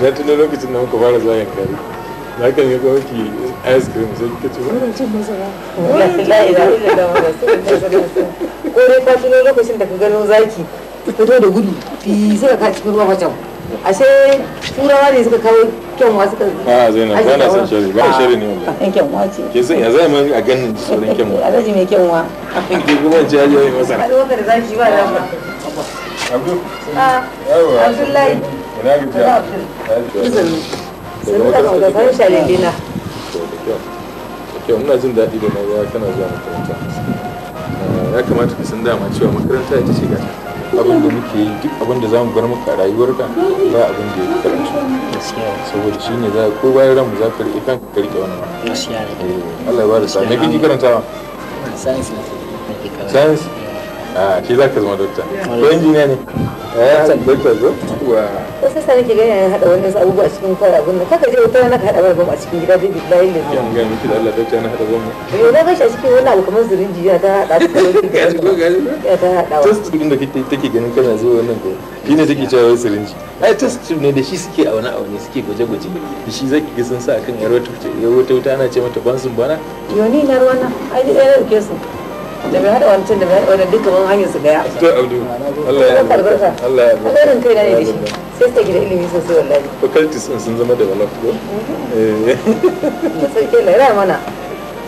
na tuno lokacin da muka fara zayen kari za ka yi ga waki ice cream sai kika ce wani cin masara wani ko dai ka tuno lokacin da ka gano zaki fito da gudu fi sai ka cikin ruwa wajen ashe turawa ne suka kawo kyanwa suka a zainab ba na san shari ba shari ne wanda yan kyanwa ce ke san yanzu zai mun a ganin sauran kyanwa alhaji mai kyanwa ke kuma ji ya yi masa a lokacin da zaki ba da ba abdu abdullahi ina gajiya izini sun taɓa gaban shalilina kyau muna jin daɗi da na ga kana zuwa makaranta ya kamata ka san dama cewa makaranta ita ce gata abin da muke yi duk abin da zamu bar maka rayuwarka ba abin da ya karatu saboda shi ne za ko bayan ranmu za ka riƙe kanka ka riƙe wannan Allah ya ba da sa me kake karantawa science a ah, shi za ka zama dokta ko injiniya ne eh, eh dokta zo wa sai sai nake gani haɗa wannan abubuwa a cikin kwara gunna kaka je wata na haɗa wannan a cikin gida dai yin ne yan ga miki da Allah dokta na haɗa wannan eh na shi a cikin wannan abu kamar zurinji ya ta haɗa gashi ko gashi ya ta haɗa test din da kike take ganin kana zo wannan ko shi ne take cewa zurinji ai test ne da shi suke auna aune suke gwaje-gwaje da shi zaki ga sun sa akan yar wata wuta ana ce mata bansun bana yoni na ruwana ai da ɗaya da ke su da bai haɗa wancan da bai haɗa duka wani hanyar su daya to abdu Allah ya yi albarka Allah ya yi albarka alherin kai na ne da shi sai su take da ilimi sosai wallahi faculties din sun zama developed ko mm-hmm. eh sai ke lai mana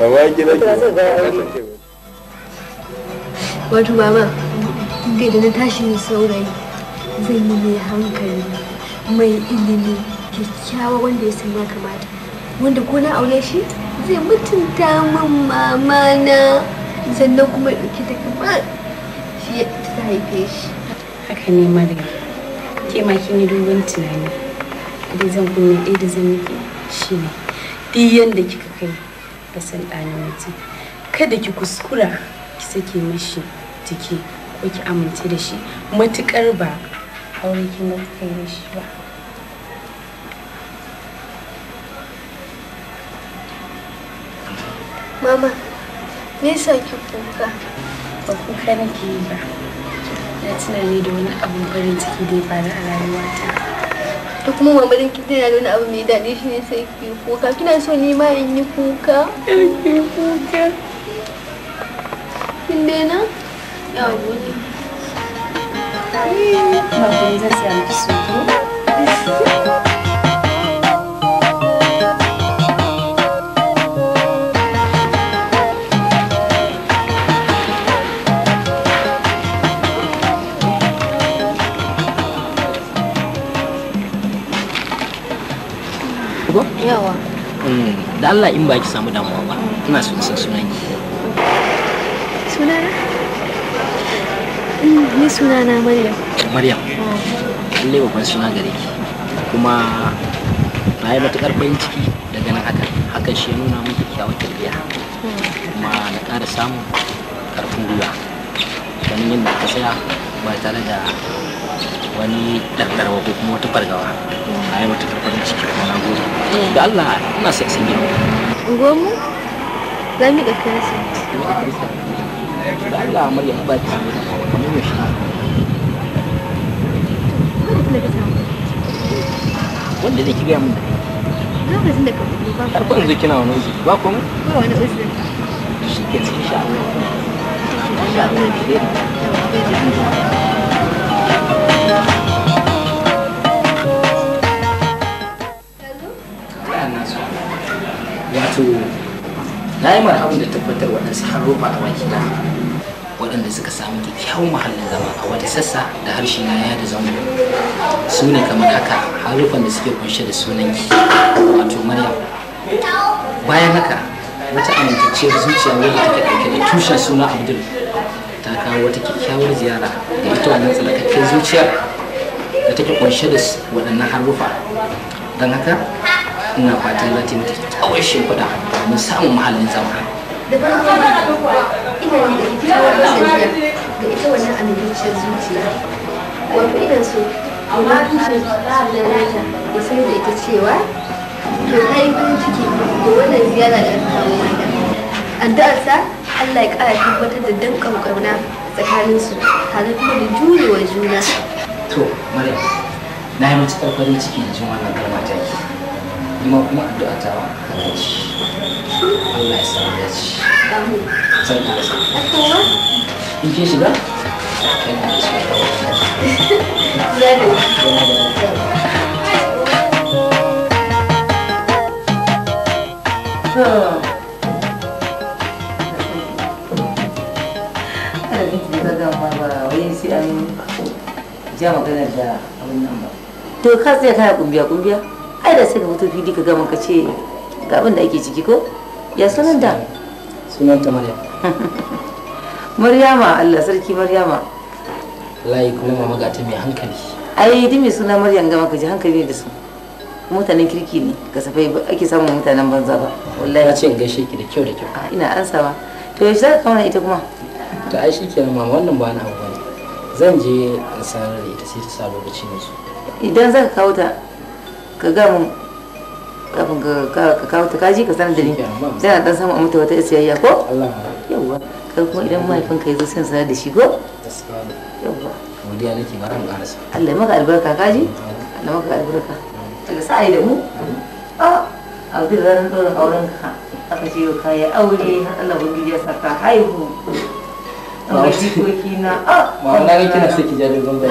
amma gida ki wato mama kai da na tashi ne saurayi zan yi mai hankali mai ilimi kyakkyawa wanda ya san ya kamata wanda ko na aure shi zai mutunta min mama na sannan kuma ya ɗauki da kamar shi ya ta haife shi haka ne madam ke ma kin yi dogon tunani da zan kunna ɗaya da zan miki shi ne duk da kika kai da san ɗanin mutum kada ki kuskura ki sake mashi jiki ko ki amince da shi matuƙar ba aure kin ga kai da shi ba Mama, nisa ki kuka? Ba kuka nake yi ba. Na tuna ne da wani abun farin ciki da ya faru a rayuwata. Da kuma mamarin ki tana da wani abu mai daɗi shi ne sai ki kuka. Kina so ni ma in yi kuka? Ki kuka. Kin daina? Ya gode. ku siya su yawa mm. da Allah in ba ki samu damuwa ba ina so san sunan ki sunana mm, ni sunana Maryam Maryam oh. lalle babban suna gare ki kuma na yi matukar farin ciki da ganin haka. hakan shi ya nuna mun kyakkyawar tarbiya kuma na ƙara samun karfin gwiwa ganin yadda ka tsaya ba tare da wani ɗarɗarwa ko kuma wata fargawa na yi matukar farin ciki kuma na gode da Allah ina sai sanya gomu za mu ga kirista da Allah Maryam ba ki mun yi shi wanda zai ki ga mun lokacin da ka ba har ba kina wani uzuri ba komai ba wani uzuri shi ke cikin sha'awa sha'awa ne to na yi marhabin da tabbatar waɗansu har roba a baki na waɗanda suka samu kyakkyawan muhallin zama a wata sassa da harshe na ya da zango su ne kamar haka harufan da suke kunshe da sunan sunanki wato maryam bayan haka wata amintacciyar zuciya wadda take ɗauke da tushen suna abdul ta kawo wata kyakkyawar ziyara da ita wannan tsalakakken zuciyar da take kunshe da waɗannan harufa don haka ina fatan za ta yi mata kyakkyawar shimfiɗa domin samun mahallin zama da farko ina da kyakkyawar masaniya da ita wannan amintacciyar zuciya wato ina so amma zuciyar da nata ya san da ita cewa to ta yi farin ciki da wannan ziyara da aka kawo mata addu'arsa Allah ya ƙara tabbatar da danƙon ƙauna tsakaninsu tare kuma da jurewa juna to maryam na yi matuƙar farin ciki da jin wannan kalma ta kuma kuma addu'a ta wa Allah ya samu ya ci zan ka rasa in ke shiga kai ka da ja To ka tsaye kana ai da sai ka fito fili ka gama ka ce ga abin da ake ciki ko ya sunan da sunan ta maryam maryama allah sarki maryama layi kuma mama ga ta mai hankali ai dimi sunan maryam gama ka ji hankali ne da su mutanen kirki ne kasafai ake samun mutanen banza ba wallahi na ce in gaishe ki da kyau da kyau ah, ina ansawa to yaushe za ka kawo ita kuma to ai shi kenan mama wannan ba na abu bane zan je in sanar da ita sai ta sa lokaci ne su idan zaka kawo ta ka ga mun kafin ka kawo ta kaji ka sanar da ni tana dan samu mata wata siyayya ko yawwa kai kuma idan mahaifin ka zo sai sanar da shi ko yawwa godiya nake ba ran karasa Allah maka albarka kaji Allah maka albarka daga sai da mu a a auren ka aka ce aure Allah ya saka haihu amma jikoki na a ma'ana kina sai ki jabi ranar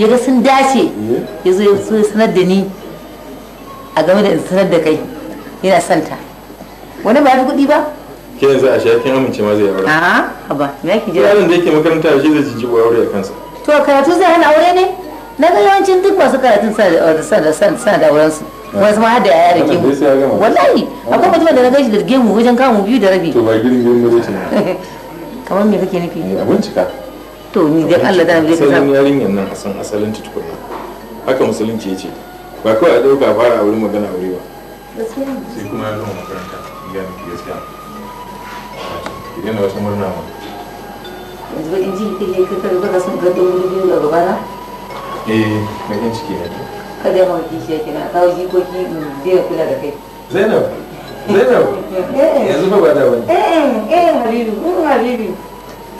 ya ga sun dace eh. ya zo ya sanar da ni a game da sanar da kai yana santa wani ba fi kuɗi ba ke yanzu a shafin amince ma zai aure a'a haba me yake jira yaron da yake makaranta shi zai jijjibo aure a kansa to karatu zai hana aure ne na ga yawancin duk masu karatun sa da auren su wani ma hada yaya da gemu wallahi akwai ah. mutumin da na gaji da gemu wajen kamun biyu da rabi to ba girin girin ne kamar me kake nufi eh, a bincika to ni dan Allah da zai kasa yarinyar nan a san asalin ta tukunna haka musulunci yace ba kawai a dauka fara a wurin magana aure ba sai kuma ya zama makaranta ya miki gaskiya idan wasu murna ma yanzu ba in ji kake ka kai ba san gadon wuri biyu daga bara eh bakin ciki ne ka da mu kada shi kina yake ji ko ki mu da kula da kai zainab zainab eh. yanzu ba ba da wani eh, eh eh halilu mm, halilu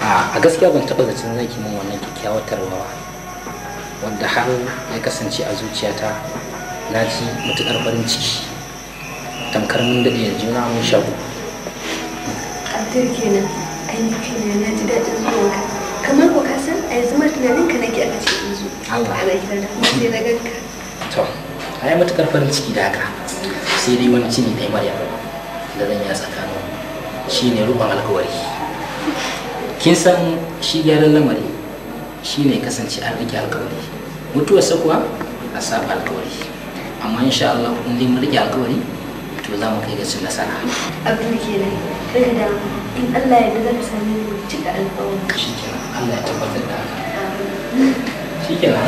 a gaskiya ban taɓa zaton zai kiman wannan kyakkyawar tarwawa wanda har ya kasance a zuciyata na ji matuƙar farin ciki tamkar mun daɗe yanzu na mun shago abdul kenan ainihin na ji daɗin zuwa ka kamar ko ka san a yanzu ma tunanin ka nake aka ce in zo ana kira da kuma sai na ganka to yi matuƙar farin ciki da haka sai dai wani cini dai maryam da zan yi a tsakanin ne ruban alkawari kin san shi gyaran lamari shine kasance an rike alkawari sa kuwa a saba alkawari amma insha Allah kun dai mun rike alkawari to za mu kai ga cin nasara abdul kenan kai da in Allah ya yarda zaka sami cika alkawari kenan Allah ya tabbatar da haka shikenan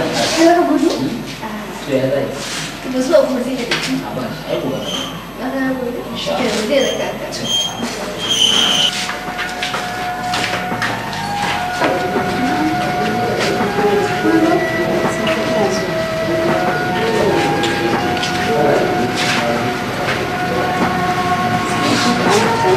Mama,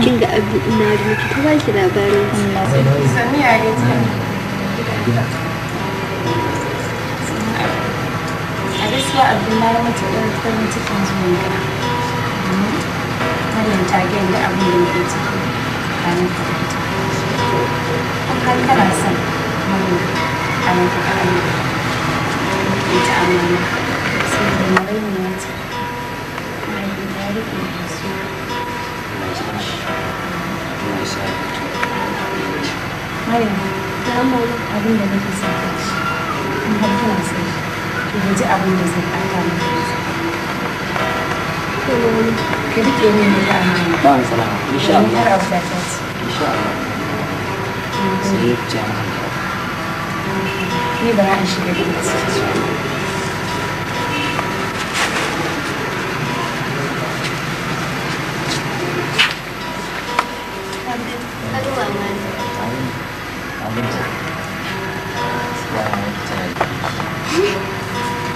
kin ga abu ina da miki ta ba ki labarin. Sani ya gaskiya abdullahi mata ɗan farin cikin zuwa gida maryam ta gaya da abin da nake ciki ranar ta fita an har kana son maryam a nan ta ƙarami ta amana sai da maryam ya ce maryam ya riƙe da su maryam ta mawa abin da nake son ka ci kana son ya ji abin da zai ɓata miki ka rike ne da ta amana ba mu salama insha Allah har abu da ta ce insha Allah sai ya ce ni ba na shiga da ita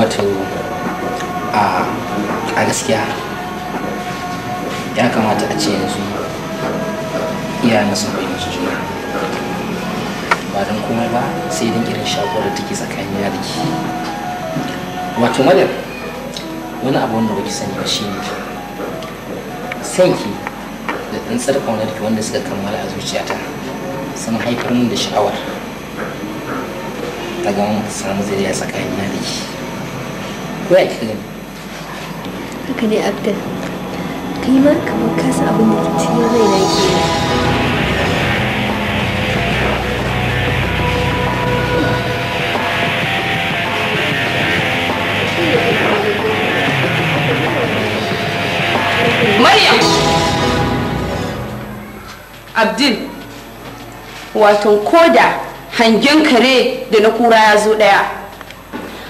wato a gaskiya ya kamata a ce yanzu iyayen sun masu juna ba don komai ba sai don irin shakuwar da take tsakanin ya da ke wato madar wani abu wanda baki sani ba shi ne sanki da tsantsar ƙaunarki wanda suka kammala a zuciyata sun haifar min da sha'awar daga wani samu zai ya tsakanin ya da ke waya kika gani haka ne abdul kai ma kamar ka san abin da ke cikin rai na ke Maryam! Abdul, koda hangen kare da na kura ya zo ɗaya.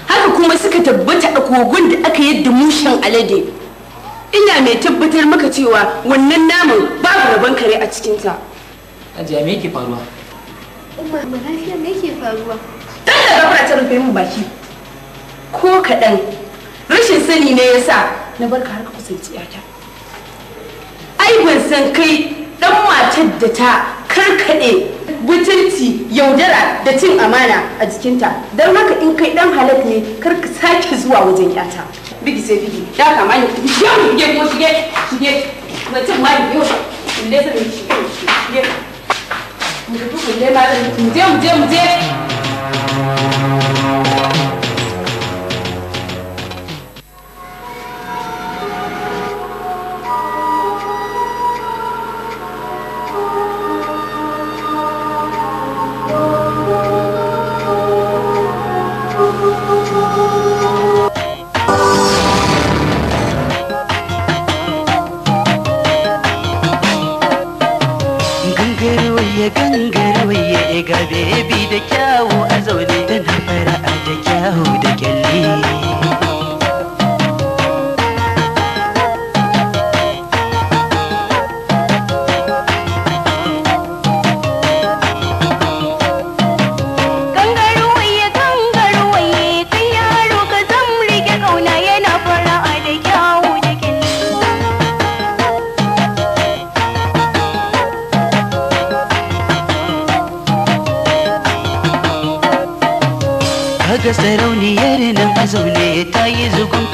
Haka kuma suka tabbata a kogon da aka yadda mushen alade ina mai tabbatar maka cewa wannan naman babu rabon kare a cikinta ajiya me yake faruwa umma lafiya me yake faruwa dan da rabar ta rufe min baki ko kaɗan rashin sani ne yasa na barka har ka kusanci yata ai ban san kai dan matar da ta karkade butunci yaudara da cin amana a jikinta don haka in kai dan halak ne kar sake zuwa wajen yata bigi sai bigi da kama ni yau shige ko shige shige mutum ma ni yau sai shige shige mu je mu je mu je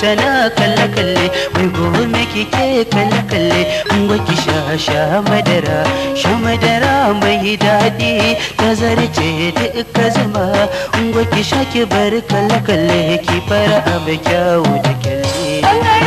tana kalle kalle mai gobe kike kalle kalle ki sha sha madara sha madara mai daɗi ta zarce duka zama an sha ki bar kalle kalle ki fara abu kyawu da kyalle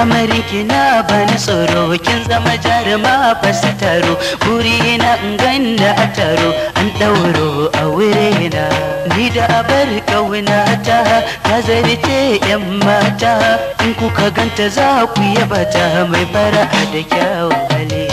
amarki na bani tsoro kin zama jaruma ba su taro buri na ganna a taro an ɗauro a wuri na ni da abar kauna ta ta zarce yan mata in kuka ganta za ku yaba ta mai fara da kyau hali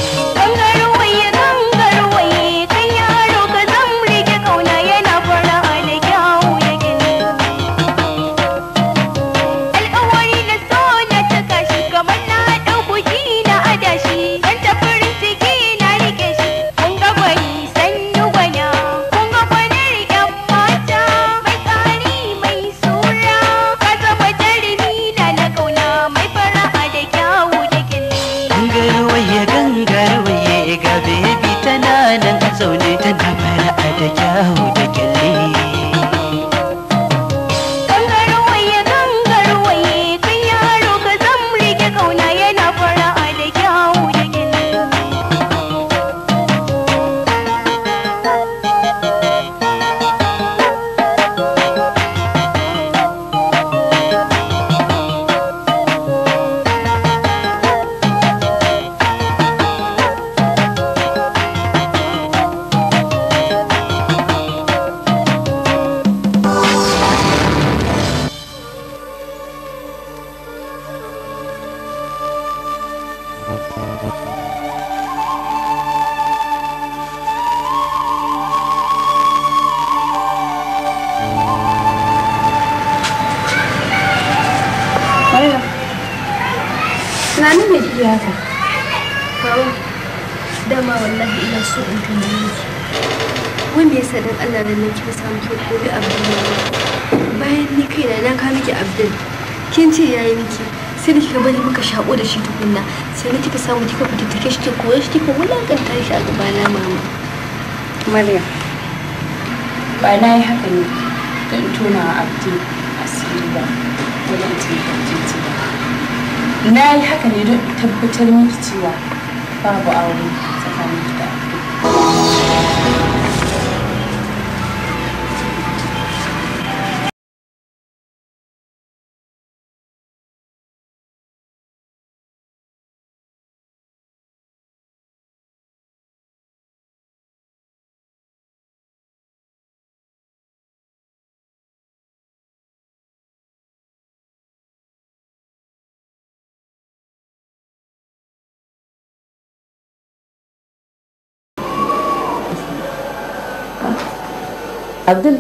abdul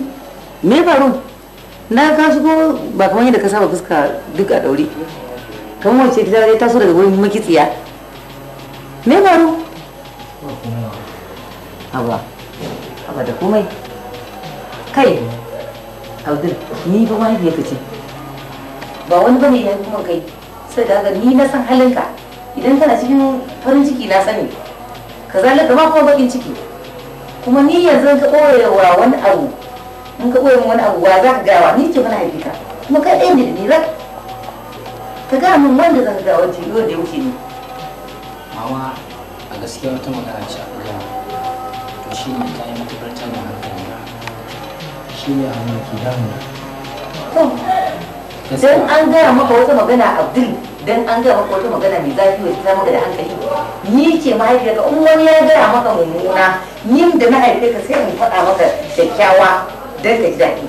me faru na ka shigo ba kamar yadda ka saba fuska duk a daure kamar wace ta ta taso daga wurin makitsiya me faru haba haba da komai kai abdul ni ba ne kace ba wani bane ya kuma kai sai da ni na san halinka idan kana cikin farin ciki na sani kazalika ba kuma bakin ciki kuma ni yanzu ka ɓoyewa wani abu in ka ɓoye wani abu wa za ka gawa ni ce mana haifika kuma ka ɗaya ne da nira ka ga min wanda za ka gawa jiyo da yake ne. mawa a gaskiya wata magana ce a gaba to shi ne ta yi matuƙar tanin hankali na shi ne a ke damuna. dan an gaya maka wata magana abdul dan an gaya maka wata magana mai zafi wata ta maka da hankali ni ce mahaifiyarka in wani ya gaya maka mummuna ni da ka sai in faɗa maka kyakkyawa dan ka ji daɗi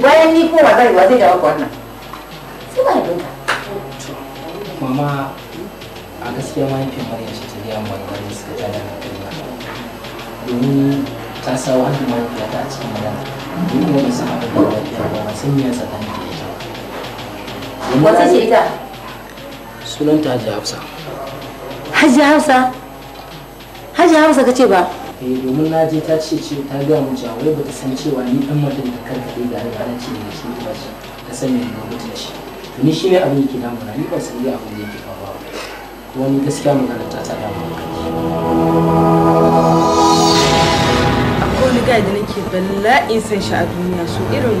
bayan ni kowa zai wa zai da maka wannan sai mahaifinka mama a gaskiya mahaifin maryam shi ta gaya mana wani suka tada hankali domin ta sa wani mahaifiyarta ta a cikin magana domin wani sun abin da wani ba sun yi ya tsakanin Wata ce ita? Sunanta Hajji Hafsa. Hajji Hafsa? Hajji Hafsa ka ce ba? Eh domin na je ta ce ce ta gaya mun cewa wai bata san cewa ni dan mutum da karkade da alƙalanci ne shi ba shi ta sanya ni mutum shi. To ni shine abin yake damu na ni ban san abin da yake faruwa. Kuma ni gaskiya magana ta ta damu Akwai wani gaya da nake bala'in san shi a duniya so irin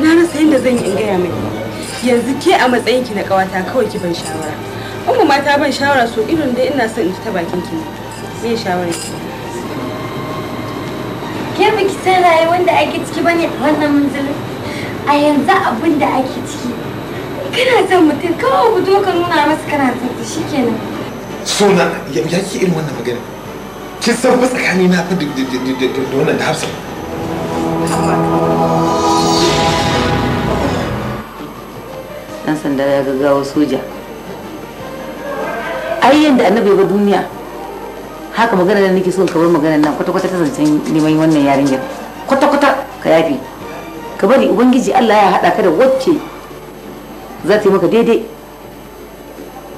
na rasa yadda zan yi in gaya mai. yanzu ke a matsayin ki na kawata kawai ki ban shawara in mata ban shawara so irin dai ina son in ta bakin ki me shawara ki ke ba ki san rayuwar da ake ciki bane wannan munzulin a yanzu abin da ake ciki kana son mutum kawai ku zo ka nuna masa kana son shi kenan sona ya ki irin wannan magana kin san ba tsakani na fa da wannan da Hafsa dan sanda ya gaggawa soja ai yanda annabi ba duniya haka magana da nake son bar magana nan kwata-kwata ta zancen neman wannan yarinyar kwata-kwata ka yafi ka bari ubangiji Allah ya haɗa ka da wacce za ta yi maka daidai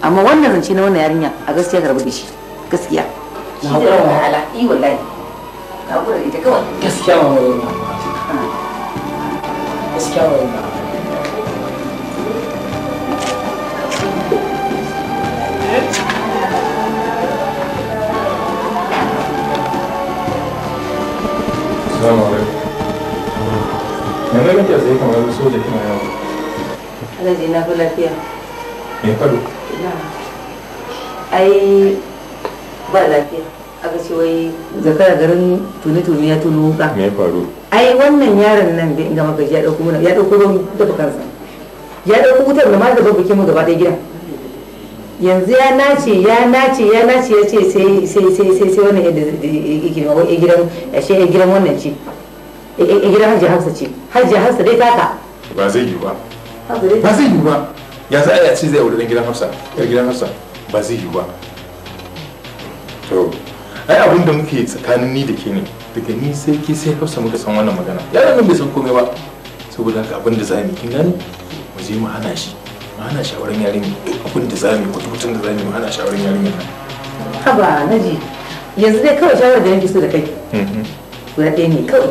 amma wannan zance na wannan yarinya a gaskiya ka rabu da shi gaskiya na hakura da wahala i wallahi ka hakura da ita kawai gaskiya ma wani gaskiya ma wani yanzu nake tsaye kamar soja kina yawo alaji na fi lafiya me faɗo ai ba lafiya aka ce wai zakara garin tuni-tuni ya tuno me faru ai wannan yaron nan bai inga maka ya dauko mana ya dauko ruwan kansa ya dauko wutar da da babu kimu gaba ɗaya gidan yanzu ya nace ya nace ya nace ya ce sai sai sai sai wannan yadda gidan gidan wannan ce Eh, eh, gidan hajji hamsa ce hajji hamsa dai ka. ba zai yi ba ba zai yi ba ya za a yi a ce zai aure dan gidan hamsa yar gidan hamsa ba zai yi ba to ai abin da muke tsakanin ni da ke ne daga ni sai ke sai hafsa muka san wannan magana yaron nan bai san komai ba saboda haka abin da zamu kin gani mu je mu hana shi mu hana shi yarinya abin da zamu kututun da zamu mu hana shi auren yarinya haba naji yanzu dai kawai shawarar da nake so da kai mm-hmm. guda ɗaya ne kawai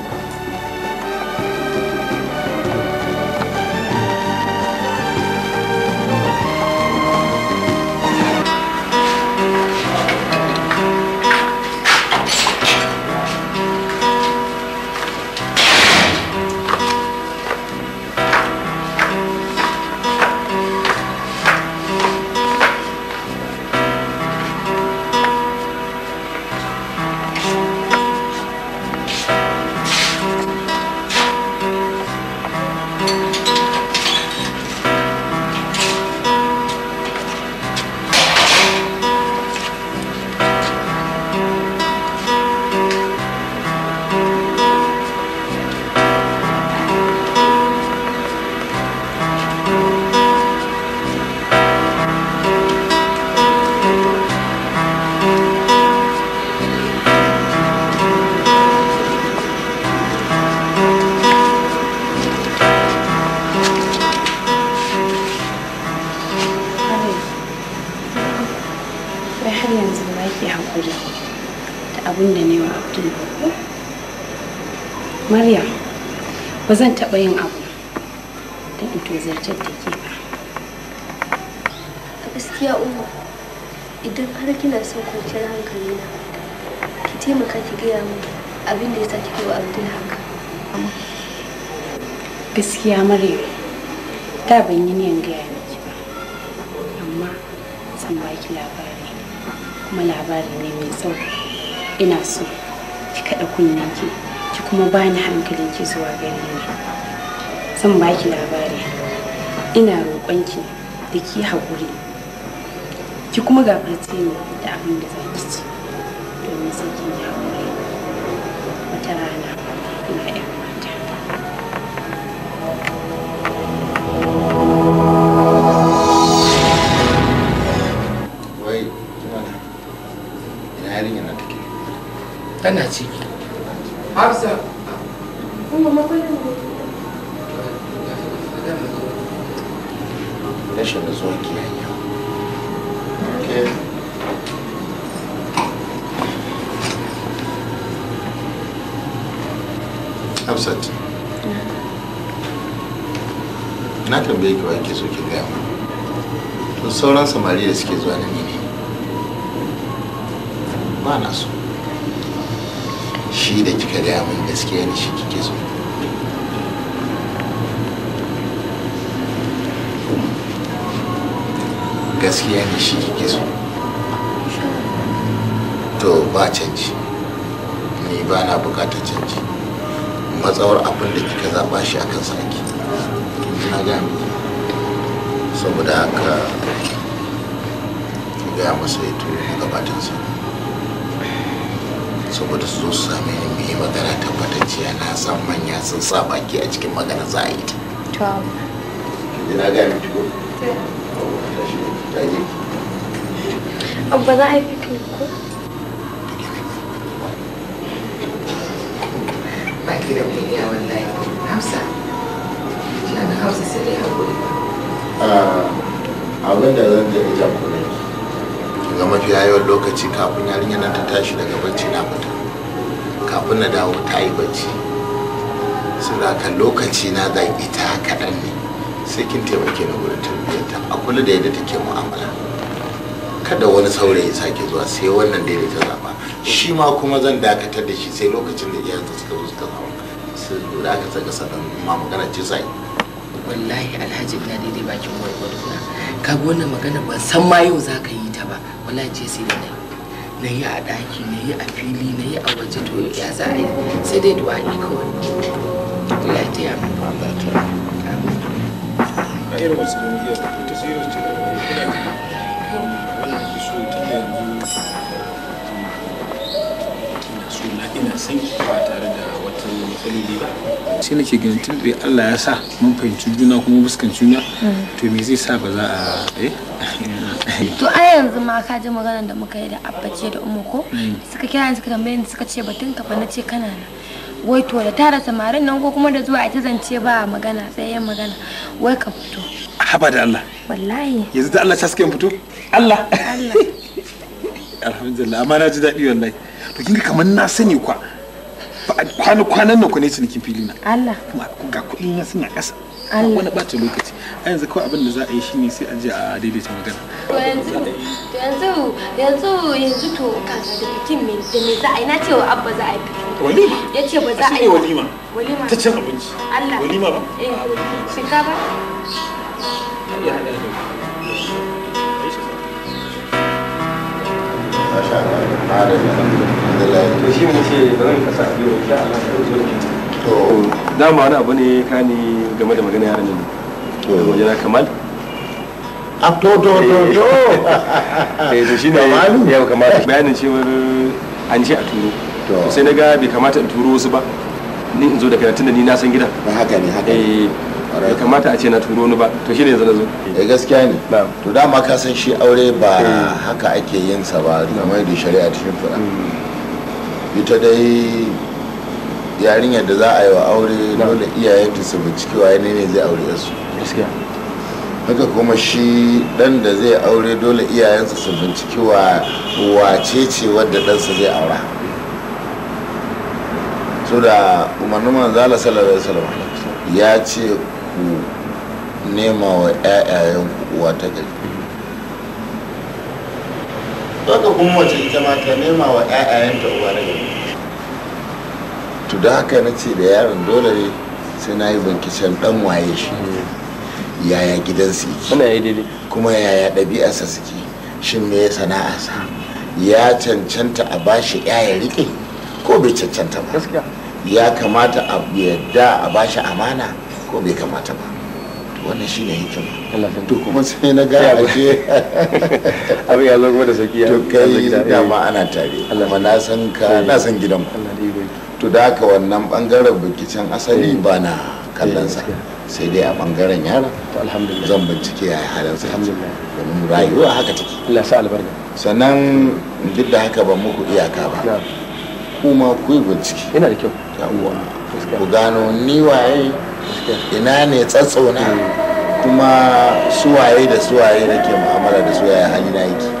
ba zan taɓa yin abu don in zartar da ke ba a gaskiya uwa, idan har kina son kwanciyar hankali na ki taimaka ki gaya mu abin da ya sa kika wa abdul haka gaskiya mare, da ban yi niyan gaya miki ba amma ba baki labari kuma labari ne mai tsawo ina so ki kaɗa kunnen ki ki kuma bani hankalinki zuwa gare ni zan baki labari ina roƙonki da ki haƙuri ki kuma gafarce ni da abin da za ki ci domin sai kin yi haƙuri wata rana ina yan mata wai ina yarinya na take tana ciki hafsa meglio okay. Hafsat na tambaye ki wa ke so ki gaya to sauran samari suke zuwa da ni ne ba na so shi da kika gaya min gaskiya ne shi kike so gaskiya ne shi kike so to ba canji ni ba na bukatar canji matsawar abin da kika zaɓa shi a kan sarki na gaya saboda haka gaya masa ya turo sa saboda su zo su same ni mai magana tabbatacciya na san manya sun sa baki a cikin magana za a yi ta. To. Ki na abba za a yi picnic ko ba ki da kuliya wallahi hausa na da hausa sai dai hakuri ah, abin da zan gani jakunan ga mafi lokaci kafin yarinya nan ta tashi daga bacci na fita kafin na dawo ta yi bacci saboda lokaci na zan ita kaɗan ne sai kin taimake ni wurin ta a kula da yadda take mu'amala kada wani saurayi sake zuwa sai wannan da ta zaba shi ma kuma zan dakatar da shi sai lokacin da iyayensa suka zo suka zama su da aka saka sanan ma magana ce sai wallahi alhaji ina daidai bakin gwargwado ka ga wannan magana ban san ma yau za ka yi ta ba wallahi ce sai da nayi na yi a daki na yi a fili na yi a waje to ya za a yi sai dai du'a ne kawai ya taya irin wasu jam'iyyar ta sai wasu jam'iyyar kuna wannan ki so tun da yanzu kina so na ina san ki ba tare da wata matsaloli ba sai nake ganin tun da Allah ya sa mun fahimci juna kuma fuskanci juna to me zai sa ba za a eh? to a yanzu ma ka ji magana da muka yi da abbace da umma ko mm. suka kira ni suka tambaye ni suka ce batun ka fa na ce kana na wai to da tara samarin nan ko kuma da zuwa ita zance ba magana sai yin magana wai ka fito haba da Allah wallahi yanzu da Allah ta suka fito Allah Allah alhamdulillah amma na ji daɗi wallahi to kinga kamar na sani kwa kwana kwanan nan ku ne cinikin fili na Allah ga na suna ƙasa wani ɓata lokaci a yanzu kawai abin da za a yi shine sai a je a daidaita magana yanzu yanzu yanzu yanzu to kaga da mutum da me za a yi na cewa abba za a yi walima ya ce ba za a yi walima walima ta cin abinci Allah walima ba eh, shinkafa to dama wani abu ne ka ne game da magana yaran nan hmm. wajen na kamal a ah, toto toto to to eh, eh to shine ya kamata bayanin cewar an ce a turo sai na ga bai kamata in turo wasu ba ni in zo da karatun da ni na san gidan ah, haka ne haka ne eh, bai kamata a ce na turo ni ba to shine yanzu na zo eh gaskiya ne to dama ka san shi aure ba eh. haka ake yin sa ba kamar da shari'a cikin fura hmm. ita dai yarinyar da za a yi wa aure dole iyayenta su bincike wa ne ne zai aure su haka kuma shi dan da zai aure dole iyayensa su bincike wa wace ce wadda ɗansa zai aura so da umarnin manzala sallallahu alaihi ya ce ku nema wa 'ya'yayenku uwa ta gari haka kuma wace ita ma ta nema wa 'ya'yayenta uwa ta gari to da haka na ce da yaron dole ne sai na yi bankicen dan waye shi yaya su yake kuma yaya ɗabi'arsa suke shin me ya sa ya cancanta a bashi ya ya rike ko bai cancanta ba ya kamata a yadda a bashi amana ko bai kamata ba wannan shi ne hikima to kuma sai na gaya waje abin ya zo kuma da sakiya to kai dama ana tare kuma na san ka na san gidan ku to da haka wannan bangaren bikicin asali eh. ba na kallonsa eh, sai dai a bangaren yara zan bincike ya halin sa domin rayuwa haka take Allah sa albarka sannan duk da haka ba muku iyaka ba kuma ku yi bincike ina da kyau ku gano ni waye ina ne tsatsona eh. kuma suwaye da suwaye da ke mu'amala da suwaye hali na yake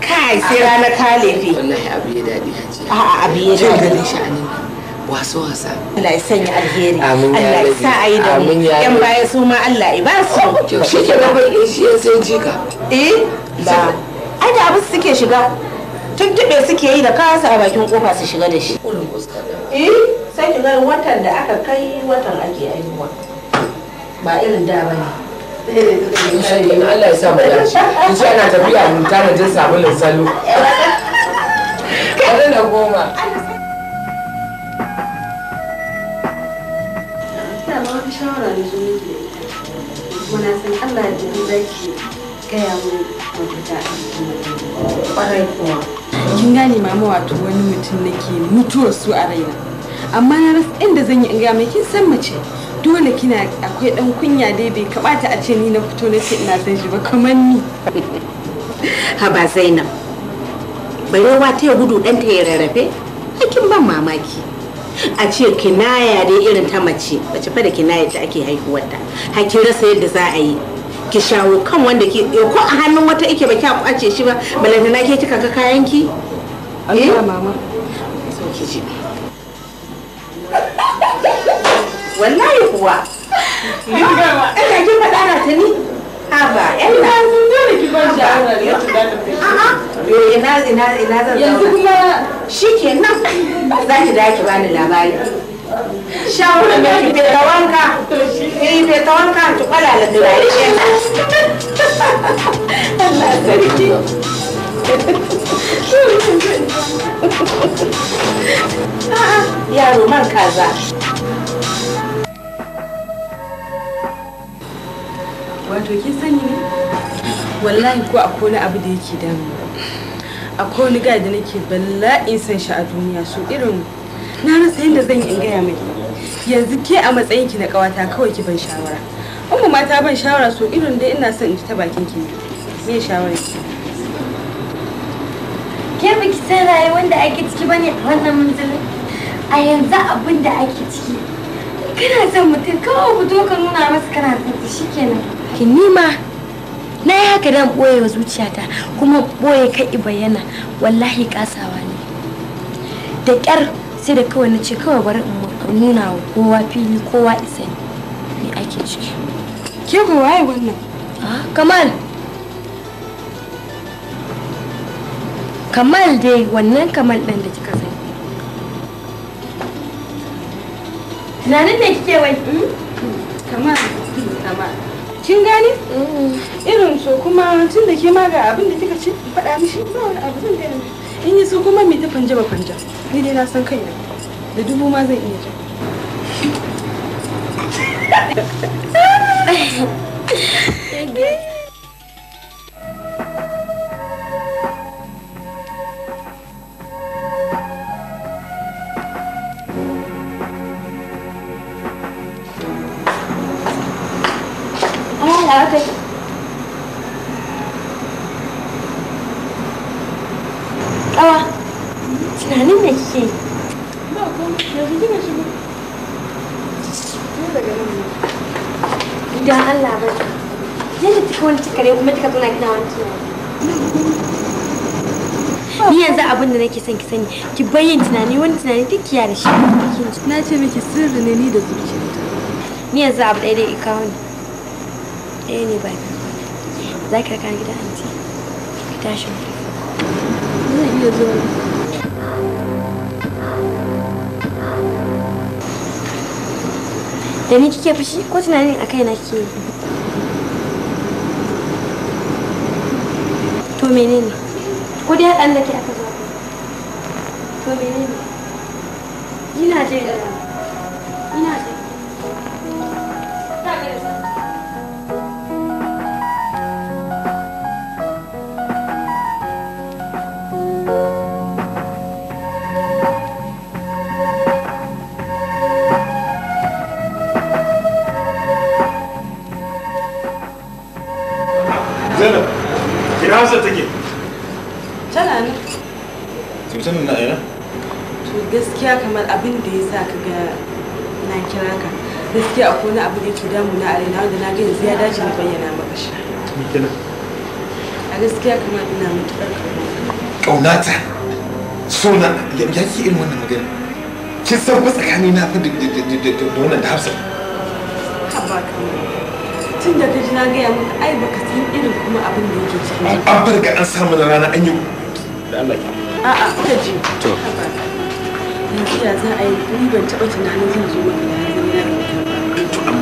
kai sai rana ka lefe wallahi abu ya daɗi hajiya a'a abu ya daɗi ganin sha'anin wasu wasa Allah ya sanya alheri Allah ya sa a yi da mu yan baya su ma Allah ya ba su shi ke na bai shi ya sai jika eh ba ai da abu suke shiga tuntuɓe suke yi da kasa a bakin kofa su shiga da shi eh sai ki ga watan da aka kai watan ake aihuwa ba irin da bane in Allah ya sa mu dace in ce ana tafiya ta na jin sabulin salo wani na goma kin gane mama wato wani mutum nake mutuwar su a raina amma na inda zan yi in kin san mace dole kina akwai dan kunya dai bai kamata a ce ni na fito na ce ina san shi ba kamar ni haba zainab barewa ta gudu ɗanta ya rarrafe aikin ban mamaki a ce kinaya dai irin ta mace bace fa da kinaya ta ake haihuwarta hakin rasa yadda za a yi ki shawo kan wanda ke eh, ko a hannun wata ike ba ki kwace shi ba balantana ke kika ga kayan ki eh mama sauki ji wallahi kuwa ina ki faɗa na ta ni haba ina dole ki shawara eh, ina ina zan yanzu kuma shikenan za ki da bani labari shawara da ki fita wanka ki eh, fita wanka ki kwala da turare Allah sarki yaro man kaza wallahi ko akwai wani abu da yake damu akwai wani guy da nake bala'in san shi a duniya so irin na rasa yadda zan yi in gaya mai yanzu ke a matsayin ki na kawata kawai ki ban shawara umma ma ta ban shawara so irin dai ina son in ta bakin ki me shawara ki ke ba ki san rayuwar da ake ciki bane a wannan munzulin a yanzu abin da ake ciki kana son mutum kawai ku zo ka nuna masa kana son shi kenan ki nima na yi haka dan ɓoye wa zuciyata kuma ɓoye kai bayyana wallahi kasawa ne da ƙyar sai da kawai na ce kawai bari in nuna wa kowa fili kowa isa ne ake ciki ke ko waye wannan kamal kamal dai wannan kamal ɗan da kika sani tunanin ne kike wai hmm? kamal kamal kin gani mm. irin so kuma tun da ke ma ga abin da kika ci faɗa mishi ba wani abu zan gani in yi so kuma mai ta fanje ba fanja ni dai na san kaina da dubu ma zan iya ja ya tunanin da ba yanzu idan Allah ba wani cikare kuma gina wani ni yanzu abin da nake son ki sani ki bayyana tunani wani tunani duk da shi na ce miki sirri ne ni da ni yanzu abu ɗaya ne ɗaya ne ba biyu za ka raka gida anti ka tashi mu zan iya zuwa da ni kike fushi ko tunanin a kaina kike yi to menene ko dai haɗa da ke aka zaɓa to menene ina je da gaskiya akwai wani abu da ke damuna a raina wanda na ga yanzu ya dace na bayyana maka shi Mikina. a gaskiya kuma ina mutuƙar ƙaunata suna ya ke irin wannan magana kin san ba tsakani na fa da wannan da hafsa ka ba ka tun da kaji na gaya maka ai baka san irin kuma abin da yake cikin jiki an farga an samu na rana an yi da Allah ki a'a ka ji to yanzu ya za a yi ni ban taɓa tunanin zan zo wani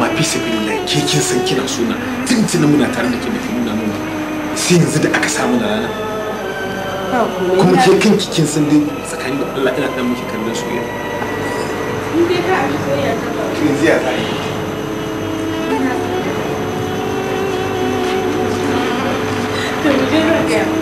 amma fi sabi sabilillah ke kin san kina suna tuntuna muna tare da ke da kin nuna nuna sai yanzu da aka samu da rana kuma ke kanki kin san dai tsakanin da Allah ina dan miki kallon soyayya in dai ka aji soyayya ta ba yanzu ya tsaya Thank you.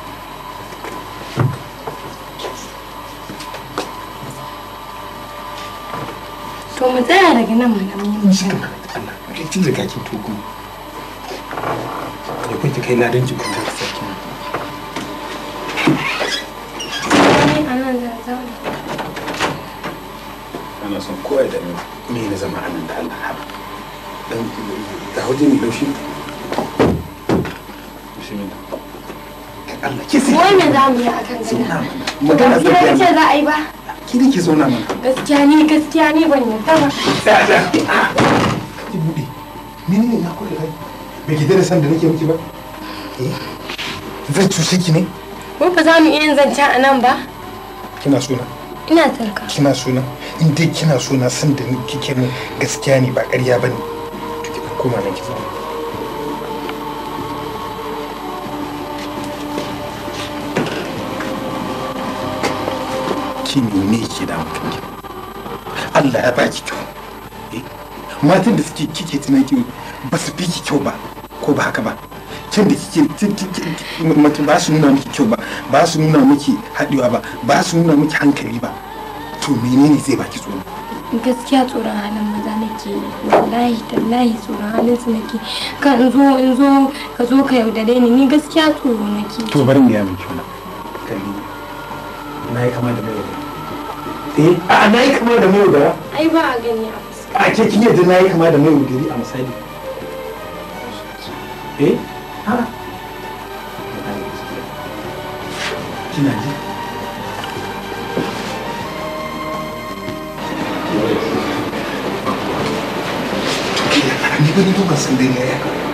To mu tsaya daga nan mana mun yi kin Ya kai na da sarki. Ni Ana son kowa da ni na zama anan da Allah Dan da hoje ni Allah Wai me yi akan gida? Magana zai ce za a yi ba. ki ne ki zauna mana gaskiya ne gaskiya ne ban yarda ba tsaya ah, ki bude mini ne na kula da bai ki dare san da nake miki ba eh zan cuce ki ne ko fa za mu iya yin zancen a nan ba kina suna ina tarka kina suna in dai kina suna san da kike mun gaskiya ne ba ƙarya bane to ki koma nan ki zauna ce mene yake da ke Allah ya baki kyau eh, matan da suke kike tunanki ba su fi ki kyau ba ko ba haka ba can da kike mutum ba su nuna miki kyau ba ba su nuna miki haɗewa ba ba su nuna miki hankali ba to menene zai baki tsoro gaskiya tsoron halin maza nake wallahi tallahi tsoron halin su nake ka zo in zo ka zo ka yaudare ni ni gaskiya tsoro nake to bari mu ya miki wannan kalli na yi kama da mai eh a na yi kama da mai yaudara ai ba a gani a fuska a ke kin yadda na yi kama da mai yaudari a misali eh ha kina ji ni ni ne ya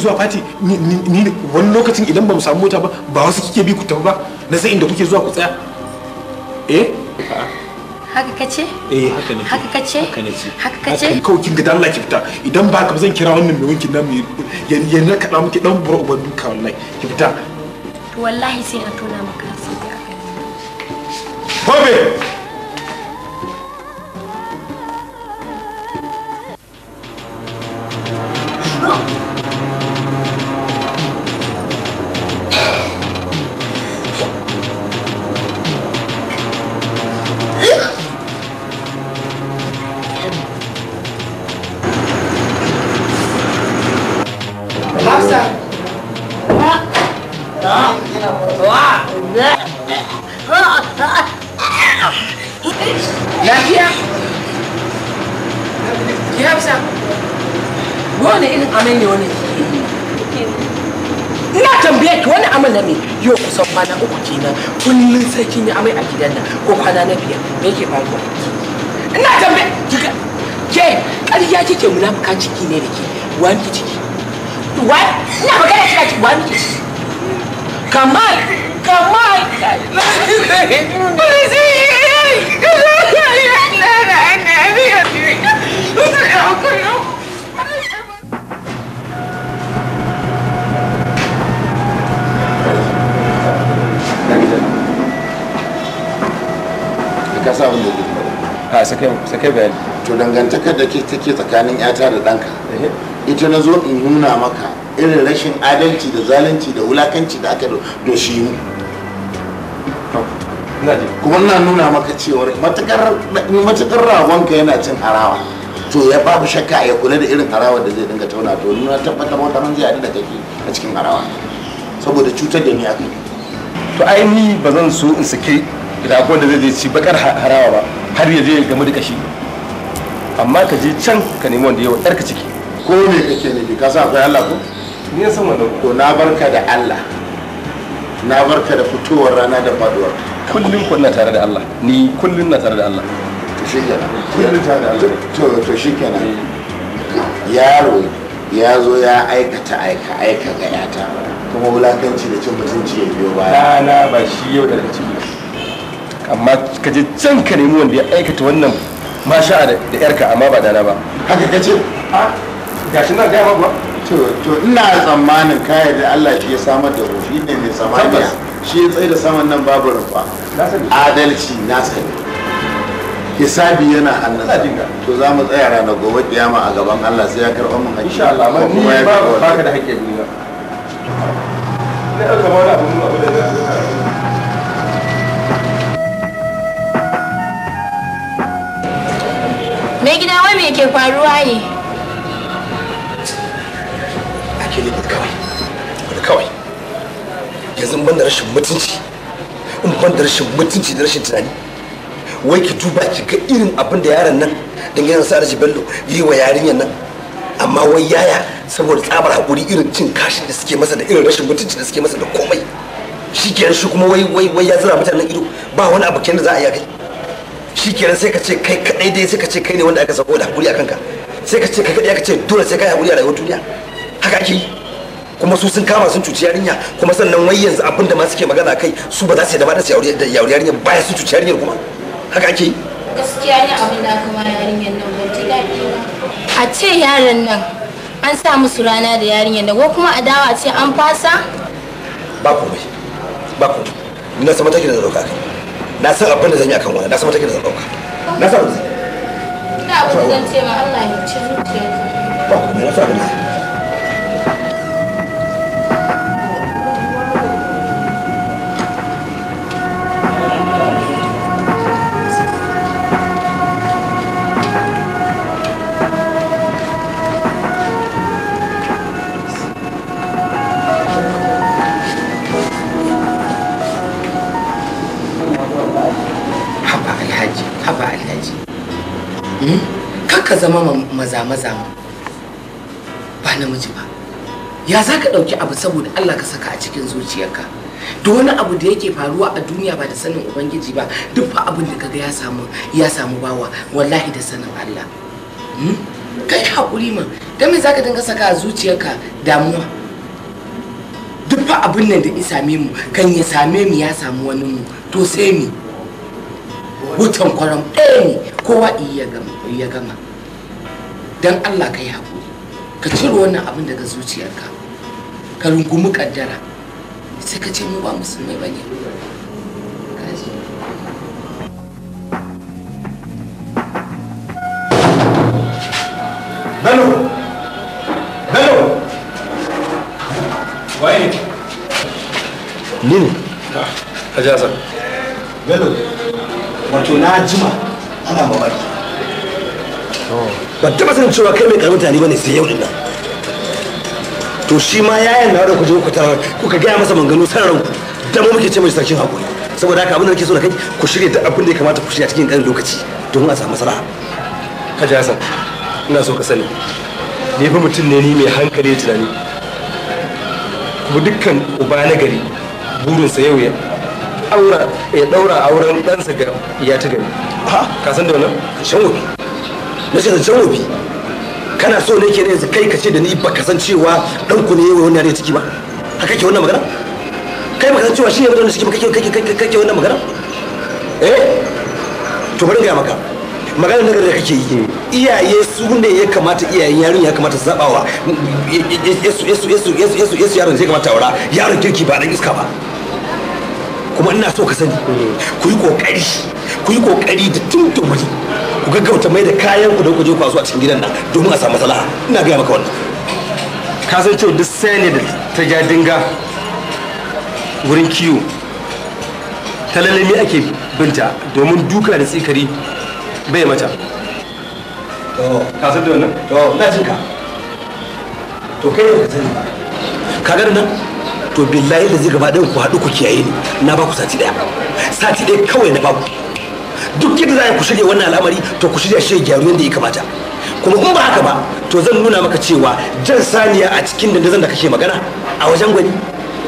zuwa fati ni wani lokacin idan ba mu samu mota ba ba wasu kike bi ku tafi ba na sai inda kuke zuwa ku tsaya eh haka kace eh haka ne haka kace haka ne haka kace kawai kin ga dan Allah ki fita idan ba ka zan kira wannan mai wankin nan mai ya na kada muke dan bura uban duka wallahi ki fita wallahi sai a tona maka sai ka Hobe! me yake faruwa ina tambaye duka ke ya kike munafuka ciki ne dake wa miki ciki wa ina magana kika ciki wa miki ciki kamal kamal please ka sa wanda ke ha sake bayani to dangantakar da ke take tsakanin yata da danka ita na zo in nuna maka irin rashin adalci da zalunci da wulakanci da aka doshi mu kuma na nuna maka cewar matakar ragonka yana cin harawa to ya babu shakka ya kula da irin harawa da zai dinga tauna to nuna tabbata wata nan zai haɗu da kake a cikin harawa saboda cutar da ni aka to ai ni ba zan so in sake da akwai wanda zai ci bakar harawa ba har ya je ya gamu da kashi amma ka je can ka nemi wanda yawa ɗarka ciki ko me kake ne ka san akwai Allah ko ni san wanda ko na barka da Allah na barka da fitowar rana da faduwa kullun kunna tare da Allah ni kullun na tare da Allah to shikenan kullun tare da Allah to to shikenan yaro ya zo ya aikata aika aika ga yata kuma wulakanci da cin mutunci ya biyo baya na ba shi yau daga ci. amma ka je can ka nemi wanda ya aikata wannan masha da yarka amma ba dana ba haka ka ce a gashi na gaya ba to ina tsammanin kayan da Allah shi ya samar da rufi ne mai samaniya shi ya tsaye da saman nan babu rufa adalci na sani hisabi yana hannunsa to za mu tsaya ranar gobe kiyama a gaban Allah sai ya karɓa mun haƙƙi insha Allah ba ni ba ka da hakki ne ba ne ka ba wani abu da mai gida wai me ke faruwa ne ake nufin kawai wani kawai yanzu ban da rashin mutunci in ban da rashin mutunci da rashin tunani wai ki duba ki ga irin abin da yaron nan dangane sa Alhaji Bello yi wa yarinyar nan amma wai yaya saboda tsabar haƙuri irin cin kashin da suke masa da irin rashin mutunci da suke masa da komai shi kenan shi kuma wai wai wai ya zira mutanen ido ba wani abu kenan da za a yi a kai shikenan sai ka ce kai kadai dai sai ka ce kai ne wanda aka sako da hakuri a kanka sai ka ce kai kadai aka ce dole sai kai hakuri a rayuwar duniya haka ake yi kuma su sun kama sun cuci yarinya kuma sannan wai yanzu abin da ma suke magana kai su ba za su yi da ma da su yauri yarinya baya sun cuci yarinyar kuma haka ake yi gaskiya ne abin da kuma yarinyar nan ban ji daɗi ba a ce yaran nan an sa musu rana da yarinyar nan ko kuma a dawa a ce an fasa ba komai ba komai ina sama take da dauka kai na san abin da zan yi akan wani na san matakin da zan dauka na san abin da zan yi na abin da zan ce ma Allah ya ci zuciyarka ba ku ne na san abin da zan yi Hmm? kakka zama maza maza ba namiji ba ya za ka ɗauki abu saboda Allah ka saka a cikin zuciyarka da wani abu da yake faruwa a duniya ba da sanin ubangiji ba duk fa abin da kaga ya samu ya samu bawa wallahi da sanin Allah hmm? kai hakuri ma me zaka dinga saka a zuciyarka damuwa duk fa abin nan da ya same mu kan ya same mu ya samu wani mu to sai wutan kwaram ɗaya ne kowa iya gama ya gama don allah ka yi haƙuri ka cire wannan abin daga zuciyarka ka rungumi kaddara sai ka ce mu ba musulmai ba ne Bello! Bello! Waye? ne. Ah, Bello. an jima ana mamaki ban taba sanin cewa kai mai karamin tari bane sai yau din nan to shi ma yayan na da ku je ku ka gaya masa manganu sararin ku da mu muke ce mai sarkin hakuri saboda haka abin da nake so da kai ku shirya duk abin da ya kamata ku shirya cikin ƙarin lokaci domin a samu maslaha Haji Hassan ina so ka sani ni fa mutum ne ni mai hankali da tunani kuma dukkan uba na gari burinsa yau ya aura ya daura auren ɗansa ga ya ta gari ka san da wannan zancen wofi na ce zancen wofi kana so ne ke yanzu kai ka ce da ni ka san cewa ku ne yawa wannan ciki ba haka ke wannan magana kai ka san cewa shi ne wannan ciki ba kake wannan magana eh to bari ga maka magana ne da kake yi iyaye su ne ya kamata iyayen yarin ya kamata zabawa yesu yesu yesu yesu yesu yesu yaron zai kamata aura yaron kirki ba dan iska ba kuma ina so ka sani ku yi kokari ku yi kokari da tuntun wuri ku gaggauta mai da kayan ku da ku je ku a cikin gidan nan domin a samu salaha ina gaya maka wannan ka san cewa duk sani da ta ja dinga wurin kiwo ta lalami ake binta domin duka da tsikari bai mata ka san da wannan to na jinka to kai ka sani ka ga nan to billahi da zai gaba ɗayan ku haɗu ku kiyaye ni na ba ku sati ɗaya sati ɗaya kawai na ba ku duk yadda za ku shirya wannan al'amari to ku shirya shi gyaru yadda ya kamata kuma in ba haka ba to zan nuna maka cewa jan saniya a cikin dandazon da kake magana a wajen gwani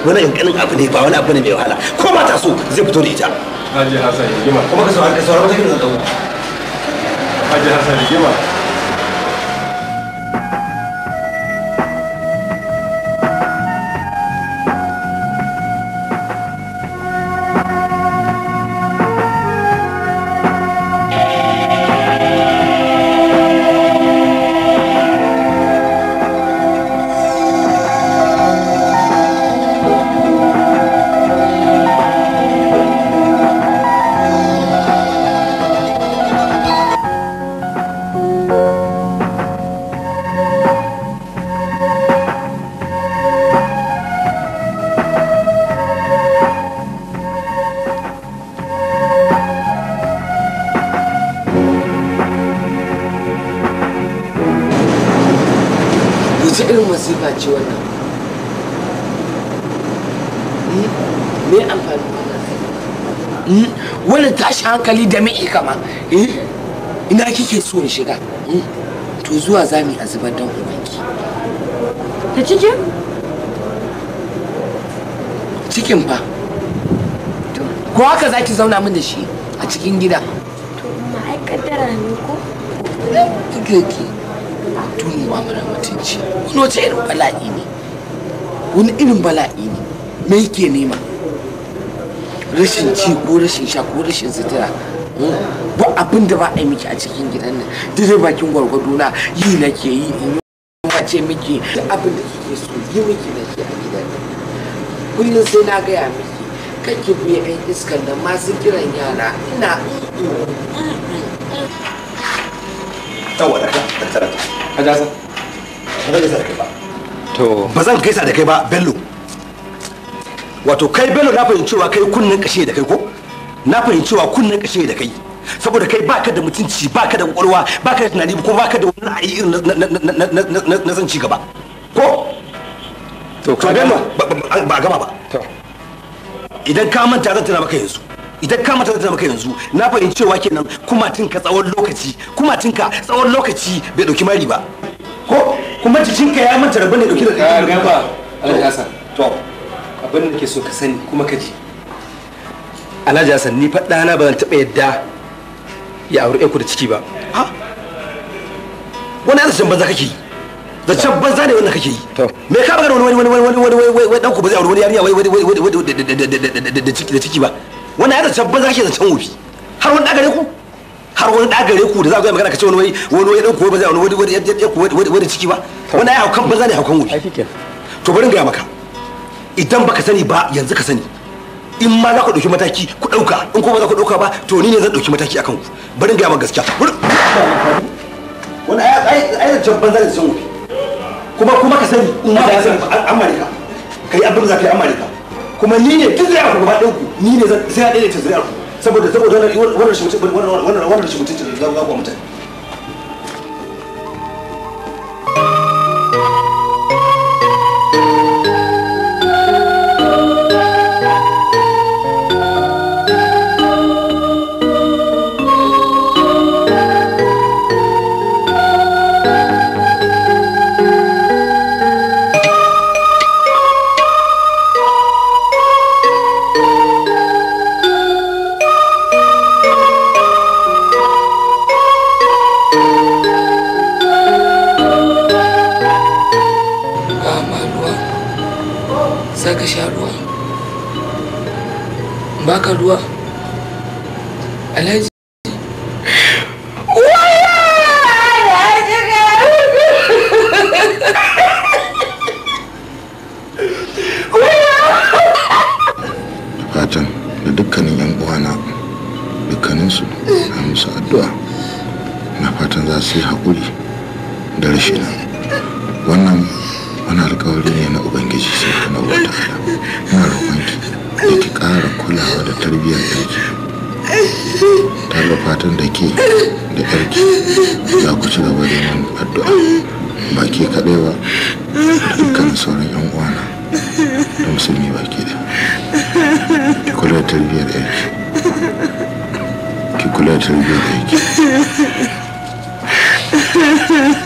wani yankanin abu ne ba wani abu ne mai wahala ko ba ta so zai fito da ita Haji Hassan Rigima. Kuma ka saurari ka saurari wata da zan Haji Hassan Rigima. hankali da mi'i kama eh ina kike so in shiga eh, to zuwa zami a zubar dan ubanki ta cikin cikin fa ko haka zaki zauna min da shi a cikin gida to ma'aikatara ne ko kike ki tun ma mara mutunci wani wace irin bala'i ne wani irin bala'i ne me yake nema rashin ci ko rashin sha ko rashin sutura hmm? ba abin da ba a yi miki a cikin gidan nan duk da bakin gwargwado na yi nake yi in yi ce miki duk abin da kike so yi miki na ke a gidan nan kullum sai na gaya miki kake biya ɗan iskar da masu kiran yara ina yawa da ka ka jasa ba zan kaisa da kai ba bello wato kai bello na fahimci cewa kai kunnen kashe da kai ko na fahimci cewa kunnen kashe da kai saboda kai baka da mutunci baka da kwakwalwa baka da tunani ko baka da wani ra'ayi irin na zan ci gaba ko to ka gama ba gama ba idan ka manta zan tana maka yanzu idan ka manta zan tana maka yanzu na fahimci cewa kenan kuma tinka tsawon lokaci kuma tinka tsawon lokaci bai dauki mari ba ko kuma ka ya manta rabin da dauki da ka gama alhaji abin da ke so ka sani kuma ka ji alhaji hassan ni faɗa na ba zan taɓa yadda ya auri ku da ciki ba ha wani zancen banza kake yi zancen banza ne wannan kake yi me ka baka wani wani wani wani wani wani wani dan ku ba zai auri wani yarinya wai wai wai da ciki da ciki ba wannan ya zancen banza kake zancen wofi har wani dagare ku har wani dagare ku da za ku yi magana ce wani wai wani wai dan ku ba zai aure wani wani wani ciki ba wannan ya haukan banza ne haukan wofi to bari in ga maka idan baka sani ba yanzu ka sani in ma za ku ɗauki mataki ku ɗauka in ko za ku ɗauka ba to ni ne zan ɗauki mataki akan ku barin gaya ma gaskiya wani ai can banza da kuma kuma ka sani in ma sani ba ka yi abin za ka yi kuma ni ne duk zai ku gaba ɗan ku ni ne sai haɗe da ta zuri'ar ku saboda saboda wannan wannan wannan wannan wannan wannan wannan wannan wannan wannan wannan tanggal 2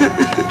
Ha ha ha!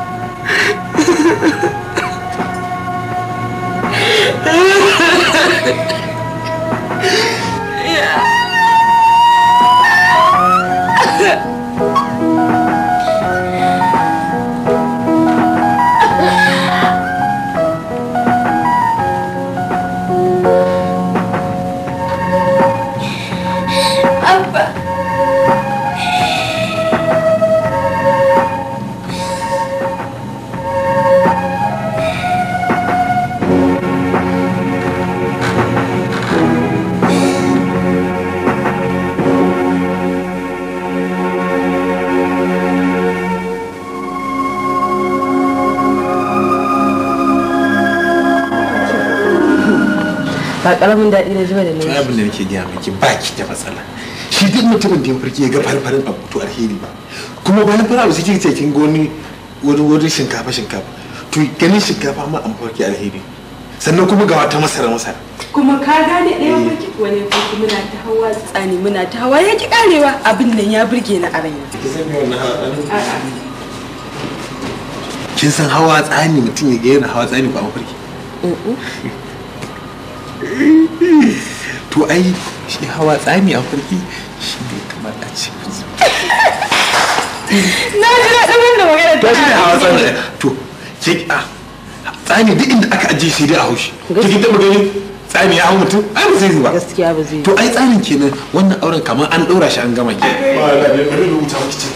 karamin daɗi ne zuwa da ne to abin da nake gaya miki ba ki da matsala shi duk mutumin da ya farki ya ga farfarin abu to alheri ba kuma bayan fara su sai kike kin goni wani wani shinkafa shinkafa to ganin shinkafa ma an farki alheri sannan kuma ga wata masara masara kuma ka gane ɗaya eh. farki wani farki muna ta hawa tsani muna ta hawa ya ki karewa abin nan ya burge ni a raina kin san hawa tsani mutum ya ga yana hawa tsani ba mafarki to ai shi hawa tsami a kurki shi bai kamata ce na ji daɗin wannan magana ta shi hawa tsami to ke a tsami duk inda aka ajiye shi dai a haushi ganin tsami ya hau mutum ai ba zai zuba gaskiya ba zai to ai tsamin kenan wannan auren kamar an ɗora shi an gama ke ba da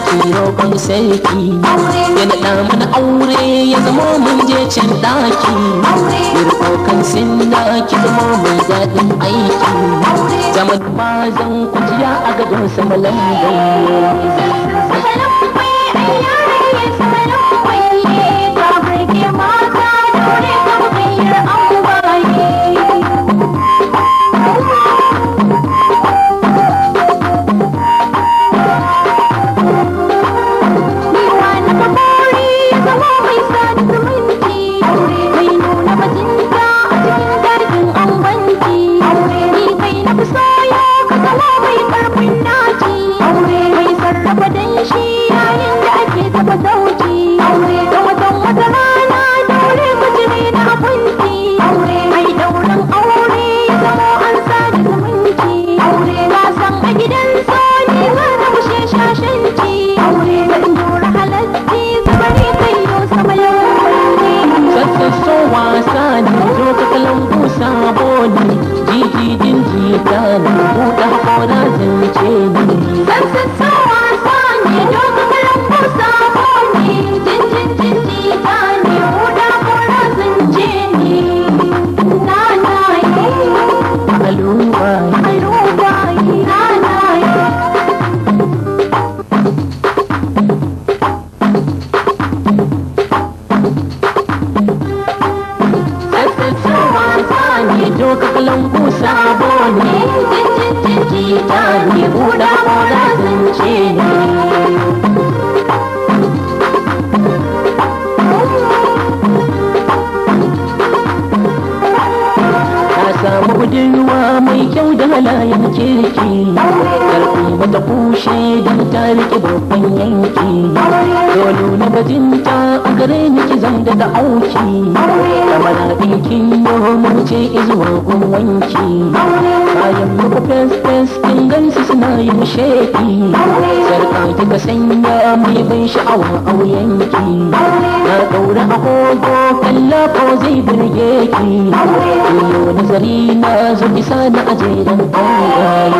ke roƙon sarki ya naɗa mana aure ya zama mun je can ɗaki ya ɗaukan sinna ki zama mai daɗin aiki zama bazan kujiya a gaban sama lambar roƙon wanki bayan muku fes fes kin gani suna yin sheki sarƙa kika sanya mai ban sha'awa auyenki na ɗaura agogo kalla ko zai birge ki yau nazari na zo isa na ajerin ƙwayaye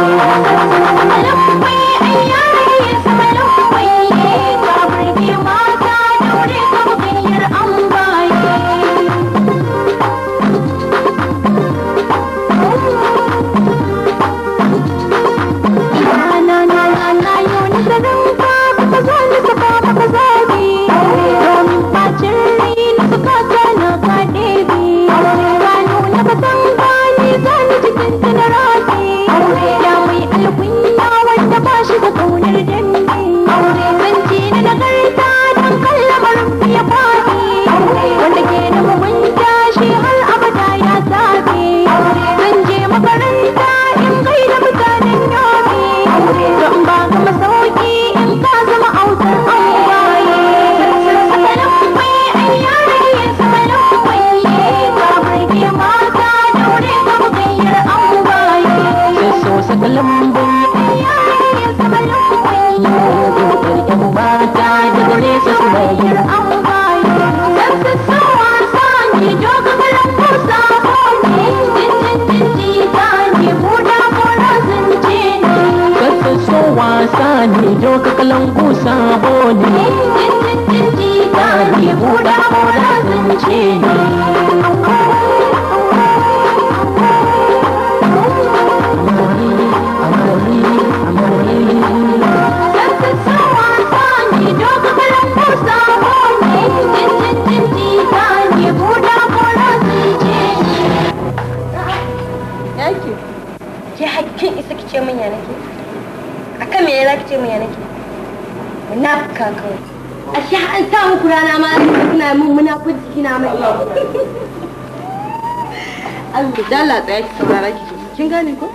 dala tsaya ki saurara ki kin gane ko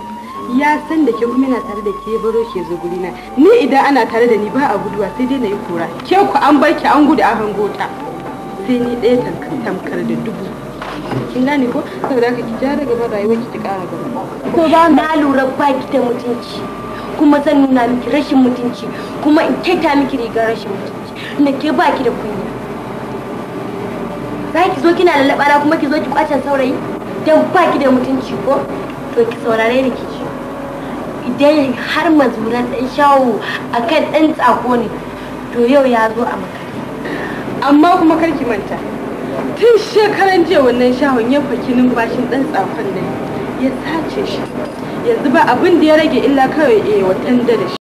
ya san da ke kuma yana tare da ke baro ke zo guri na ni idan ana tare da ni ba a guduwa sai dai na yi kora ke ku an bar ki an gudu a ta sai ni ɗaya tamkar da dubu kin gane ko saboda ka ki ja daga ban rayuwar ki ta ƙara gaba ko ba na lura ba ki da mutunci kuma zan nuna miki rashin mutunci kuma in keta miki rigar rashin mutunci na ke ba ki da kunya za ki zo kina lalaba na kuma ki zo ki kwacen saurayi don ba ki da mutunci ko to ki saurare ni ki ci idan har mazuran dan shawo akan dan tsako ne to yau ya zo a makare amma kuma kar ki manta tun shekaran jiya wannan shawon ya faki numfashin dan tsakon nan ya sace shi yanzu ba abin da ya rage illa kawai eh watan da shi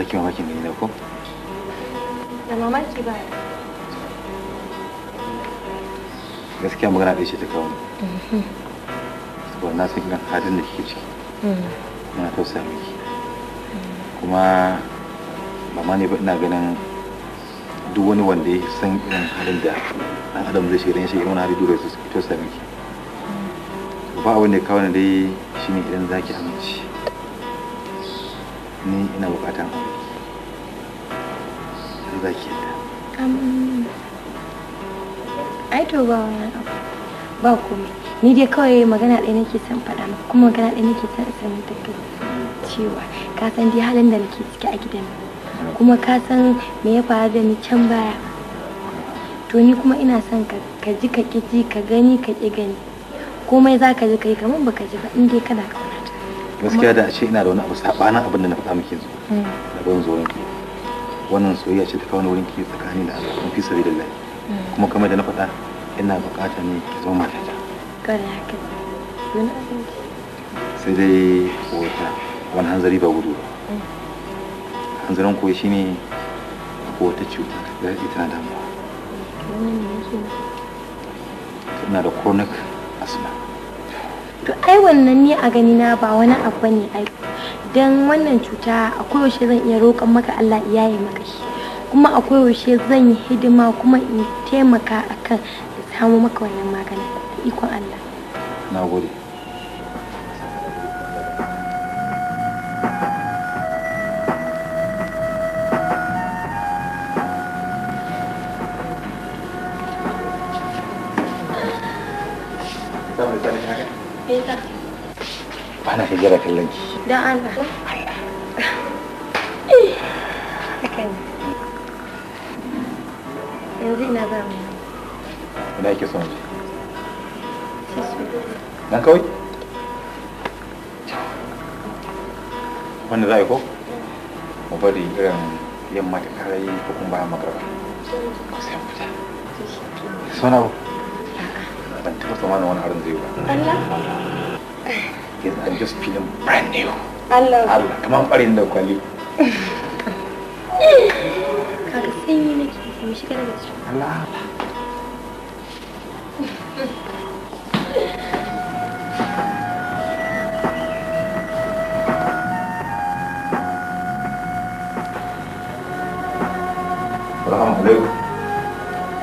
zaki mamakin gani na ko da mamaki ba gaskiya magana ɗaya ce ta kawo saboda na san irin Hı da kike ciki muna tausaya miki kuma mama ne ba ina ganin duk wani wanda ya san irin adam da ɗan adam zai shiga shiga wani hali dole su tausaya miki ba abin da ya kawo ni dai shine idan zaki amince ni ina bukatan za ki yi ai to ba ba komai ni dai kawai magana ɗaya nake son faɗa maka kuma magana ɗaya nake son sanar da cewa ka san dai halin da nake ciki a gidan kuma ka san me ya faru da ni can baya to ni kuma ina son ka ji ka ji ka gani ka ƙi gani komai za ka ji ka yi kamar baka ji ba in dai kana ka gaskiya da a ce ina da wani abu sabanin abin da na faɗa miki yanzu mm. da ban zo yanzu wannan soyayya ce ta kawo wurin ki tsakani da Allah kuma fi sabi da Allah mm. kuma kamar da na faɗa ina buƙatar ne ki zo zama matata kare hakin wani abin sai dai wata wani hanzari ba gudu ba mm. hanzarin koyi shine ko wata cuta da ita na damuwa tana da chronic asma to ai wannan ne a gani na ba wani abu ne ai don wannan cuta a koyaushe zan iya roƙon maka Allah ya yi maka shi kuma a koyaushe zan yi hidima kuma in taimaka akan da samu maka wannan maganin ikon Allah na gode ana hijira kallon ki. don Allah yanzu ina za mu ina yake son ji nan kawai wanda za a yi ko mu bari irin yamma ta kare ko kuma bayan makarba ko sai mu fita sona ban taɓa tsammanin wani harin zai ba Allah Yes, I'm just feeling brand new. I love Allah, come on, put in the quality. Kaga sanyi nake ji mu shiga daga cikin. Allah Allah.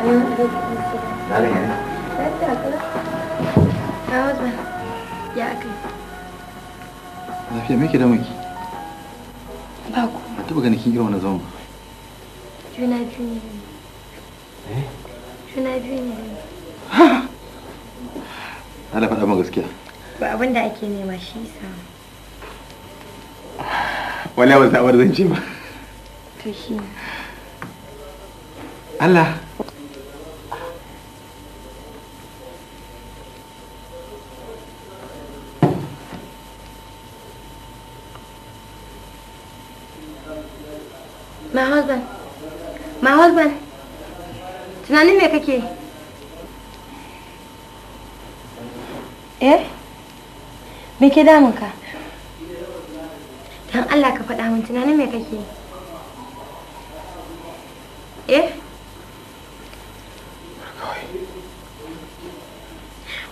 Assalamu alaikum. Eh? Lafiya me ke damun ki? Ba ku. Ba taɓa ganin kin irin wani zaman Juna biyu ne. Eh? Juna biyu ne. Ana faɗa ma gaskiya. Ba abin da ake nema shi sa. Wala abin sa'awar zan ce ba. To shi. Allah. my husband my husband tunanin me kake eh me ke damunka don allah ka faɗa min tunanin me kake eh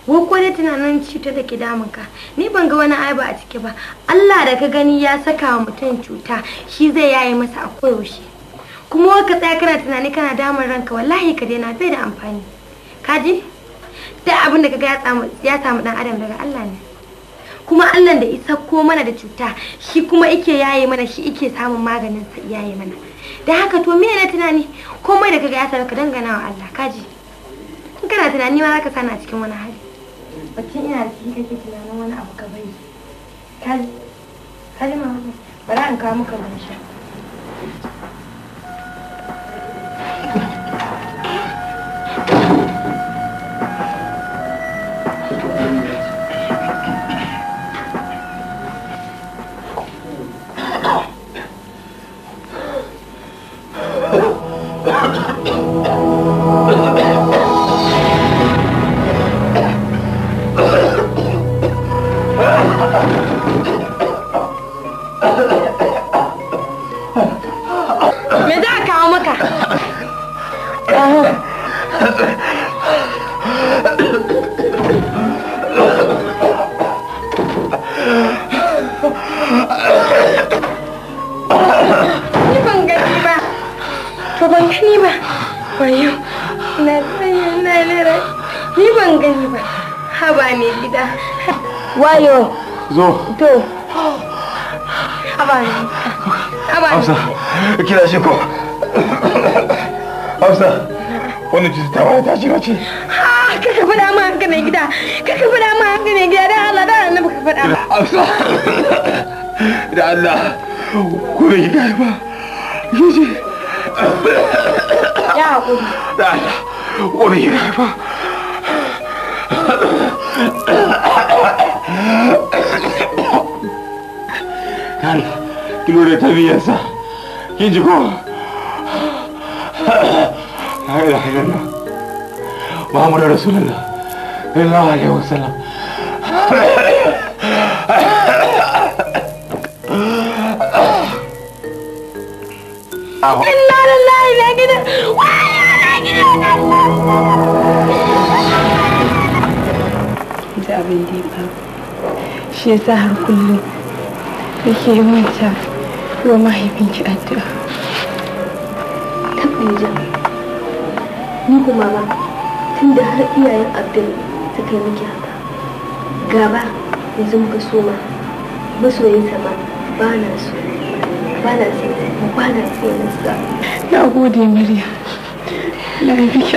wo ko dai tunanin cutar da ke damun ka ni ban ga wani aiba a ciki ba Allah da ka gani ya saka wa mutum cuta shi zai yayi masa a koyaushe kuma ka tsaya kana tunani kana damun ranka wallahi ka daina bai da amfani kaji da abin da kaga ya samu dan adam daga Allah ne kuma Allah da isa ko mana da cuta shi kuma ike yaye mana shi ike samun maganin sa yaye mana da haka to me na tunani komai da kaga ya saka dangana wa Allah kaji in kana tunani ma zaka sana cikin wani hali bacin ina da shi kake tunanin wani abu ka bari ka ji ma bari an kawo maka ban sha wayo na tsaye na lera ni ban gani ba haba ne gida wayo zo to haba ne haba ne kira shi ko hausa wannan cuta ta wani tashi mace ha ka fada ma haka ne gida ka fada ma haka ne gida da Allah da annabi ka fada. ma hausa da Allah ko bai gaya ba yaji 야, 오늘. 나, 오늘 일해봐. 난 눈에 대비해서 인주고 아이라 아이라 마무리로 하 술라 일로 알레 오살라 Allah Allah gida. Wai ina gida Allah. Ji abin ya har kullum kake manta ruwa mahaifinki addu'a. Tabbija. Ni kuma ba har iyayen Abdul suka miki haka. Gaba yanzu muka soma masoyinsa ba ba na so. Na gode Maryam. Na yi miki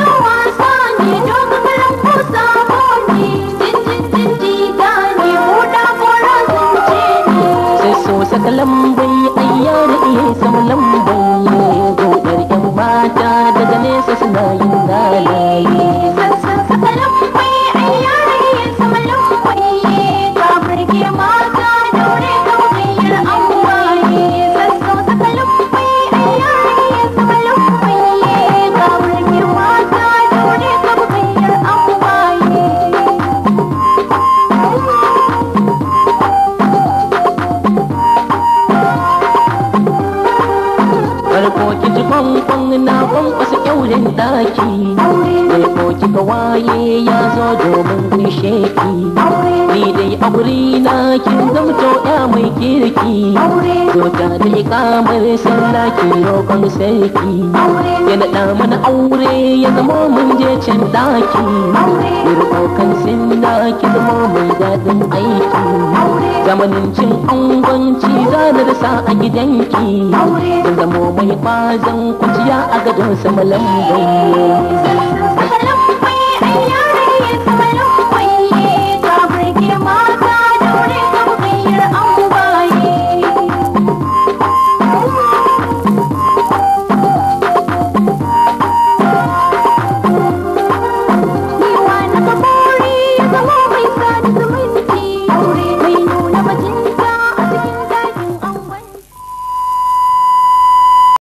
ka waye ya zo domin gaishe ki ni dai aure na kin zamto ya mai kirki zo ta da ikamar sallah ki roƙon sarki ya naɗa mana aure ya zama mun je can daki ya roƙon sinna ki zama mai daɗin aiki zamanin cin angonci da sa a gidanki zan zamo mai bazan kuciya a gadon sama lambaye प्यारे पलरों